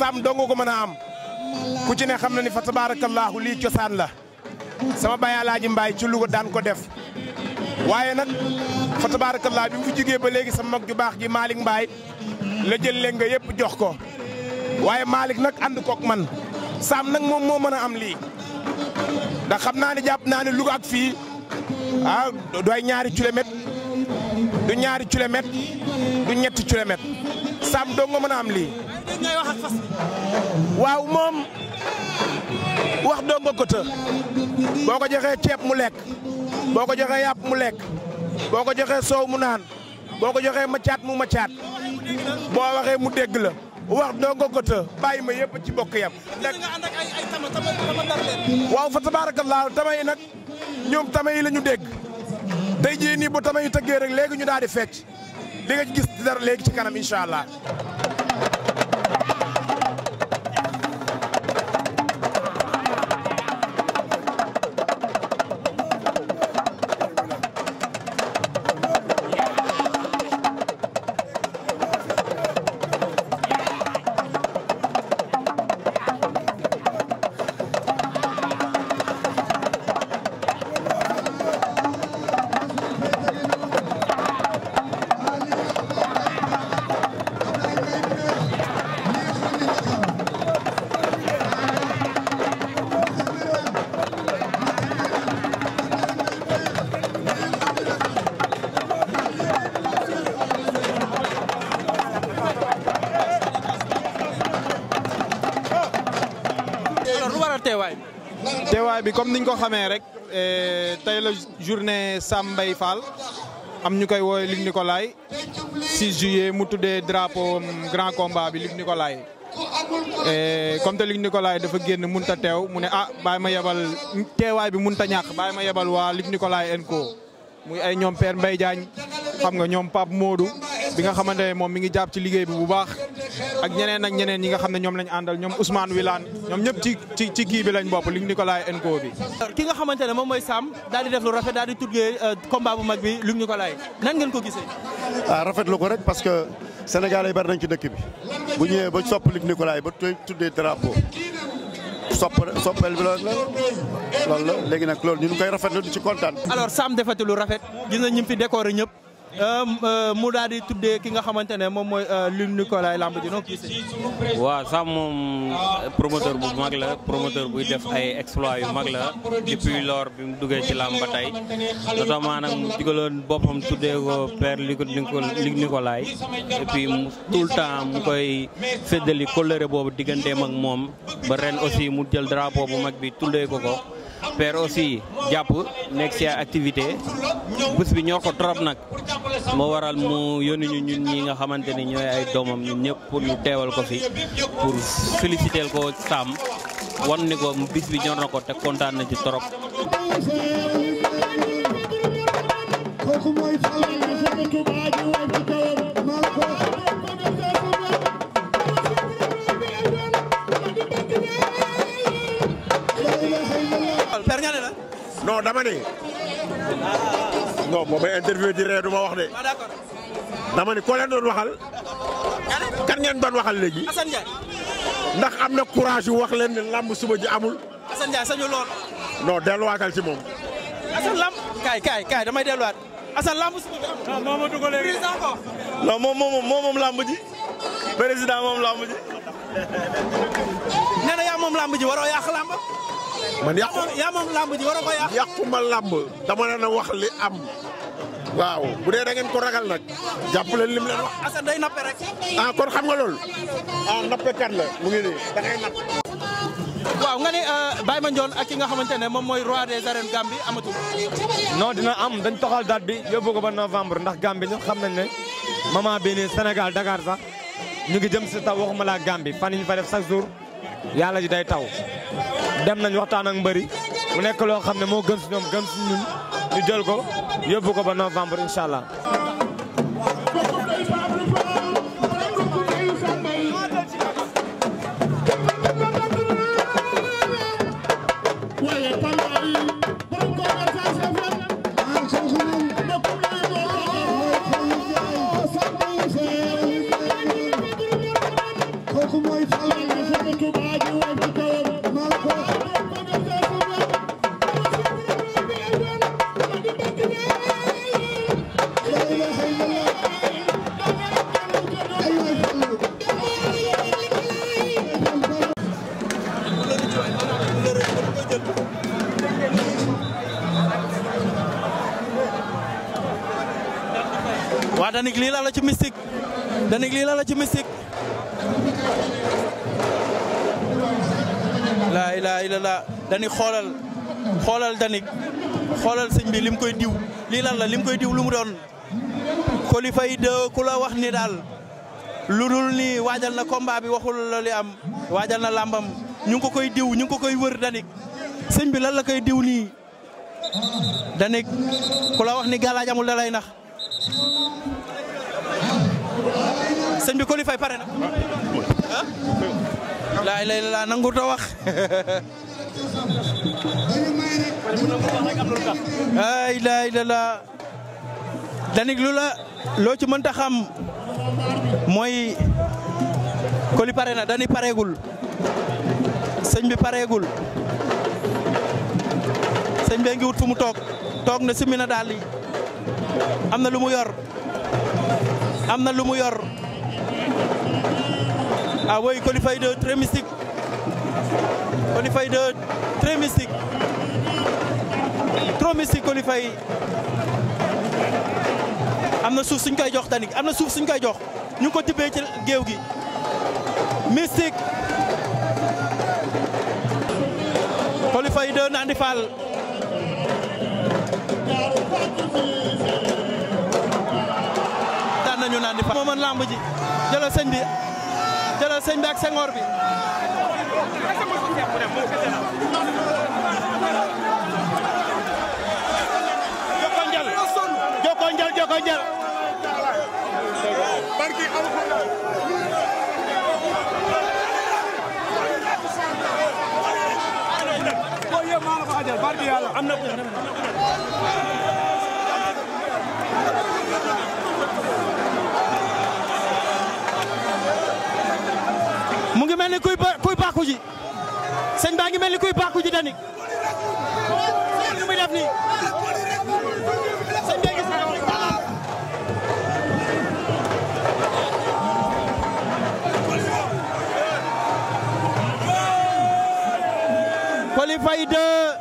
saam dong ko mën a am ku ci ne xam na ni fa tabaarakallaahu lii cosaan la sama baay Alaaji Mbaay ci Louga daan ko def waaye nag fa tabaarakallaahu bi mu fi jógee ba léegi sama mag ju baax ji Malick Mbaay la jël leen nga yëpp jox ko waaye maalik nag ànd kook man saam nag moom moo mën a am lii ndax xam naa ne jàpp naa ne Louga ak fii ah du ñaari kilomètre du ñaari kilomètre du ñetti kilomètre saam dong nga mën a am lii ñooy waaw moom wax doo nga ko boo ko joxee ceeb mu lekk boo ko joxee yàpp mu lekk boo ko joxee soow mu naan boo ko joxee macaat mu macaat boo waxee mu dégg la wax doo nga ko ma yëpp ci bokk yam nag waaw fa tabaarakallaa tama yi nag ñoom tama yi la ñu dégg tey jii nii bu tama yi tëggee rek léegi ñu daal di fecc li nga gis dara léegi ci kanam incha allah teewaay bi. teewaay bi comme niñ ko xamee rek eh, tey la journée Sam Mbaye Fall am ñu koy woowee Luc Nicolaï 6 juillet mu tuddee drapeau grand combat bi Luc Nicolaï eh, comme te Luc Nicolaï dafa génn munta teew mu ne ah bàyyi ma yebal teewaay bi munta ñàkk bàyyi ma yebal waa Luc Nicolaï en co muy ay ñoom Père Mbaye Diagne xam nga ñoom Pape Modou bi nga xamante ne moom mi ngi jàpp ci liggéey bi bu baax ak ñeneen ak ñeneen ñi nga xam ne ñoom lañ àndal ñoom Ousmane Wilane ñoom ñëpp ci ci ci kii bi lañ bopp Luc Nicolaï Enco bi. ki nga xamante ne moom mooy Sam daal di def lu rafet daal di tuddee euh, combat bu mag bi Luc Nicolaï nan ngeen ko gisee. ah rafetlu ko rek parce que Sénégal yi bari nañ ci dëkk bi bu ñëwee ba sopp Luc Nicolaï ba tuddee drapeau. soppal soppal bi loolu la loolu la léegi nag loolu ñu ngi koy rafetlu di ci kontaan. alors Sam defati lu rafet gis nañ ñi ñëpp. Euh, euh, mu daal di tuddee ki nga xamante ne moom mooy euh, Luc Nicolaï lamb ji noo gisee. waaw sax moom promoteur bu mag la promoteur buy def ay exploit yu mag la depuis lors bi mu duggee ci lamb ba tey notamment nag mu digaloon boppam tuddee ko père Luc Nicolaï et puis tout le temps mu koy séddali colère boobu digganteem ak moom ba ren aussi mu jël drapeau bu mag bi tuddee ko ko. père aussi jàpp nekk ci activité bés bi ñoo ko trop nag moo waral mu yónni ñu ñun ñi nga xamante ni ñooy ay doomam ñun ñëpp pour ñu teewal ko fi pour féliciter ko Sam wan ni ko bis bi ñor na ko te kontaan na ci torop non dama ne non boo wax de. Ah, dama ko leen doon waxal. kan ngeen doon waxal léegi. Assane am na courage yu wax leen ne suba ji amul. Assane Ndiaye sañu lool. non delluwaatal ci moom. Assane làmb kaay kaay làmb suba moom moo ji. président moom làmb ji. nee na yaa moom làmb ji waroo yàq làmb. man yàqu yaa moom làmb ji waroo ko yàq. yàqu ma làmb dama leen a wax li am. waaw bu dee da ko ragal nag jàpp leen lim leen rek. ah xam nga loolu. ah la mu ngi nii da ngay napp. waaw nga ne euh, Baye Mandione ak ki nga xamante ne moom mooy roi des arènes Gambie amatul. non dina am dañ toxal date bi yóbbu ko ba novembre ndax Gambie ñun xam nañ ne ma bii nii Sénégal Dakar sax ñu ngi jëm si taw waxuma laa Gambie fan yi ñu fa def chaque jour yàlla ji day taw. dem nañ waxtaan ak mbëri mu nekk loo xam ne moo gën suñoom gën si ñun ñu jël ko yóbbu ko ba novembre incha allah. waa danik lii la la ci mystique danik lii la la ci mystique laa ilaaha illallaah danik xoolal xoolal danik xoolal sëñ bi lim koy diw lii lan la lim koy diw lu mu doon kolifay de ku la wax ni daal lu dul nii waajal na combat bi waxul la am waajal na làmbam ñu ngi ko koy diw ñu ngi ko koy wër danik sëñ bi lan la koy diw nii danik ku la wax ni galaaj amul da lay nax sëñ bi Coly Faye pare na. ah. laay lay laa nangu ta wax. ay laay la laa. lu la loo ci mënta xam mooy Coly pare na dani pareegul sëñ bi pareegul sëñ bee ngi wut fu mu toog toog na simi na daal am na lu mu yor am na lu mu yor ah oui Coly Faye 2 très mystique Coly Faye trop mystique Coly am na suuf suñ koy jox danik am na suuf suñ koy jox ñu ko tibbee ci géew gi mystique Coly Faye Nandi Fall ñu naan di fa moo mën lamb ji bi jëlal sëñ bi ak sengoor bi joko njal joko njal barki alxuraan mu ngi mel ni kuy kuy bàkku ji ngi mel ni kuy bàkku ji danik nu muy def nii sëñ bee gis na Coly Faye 2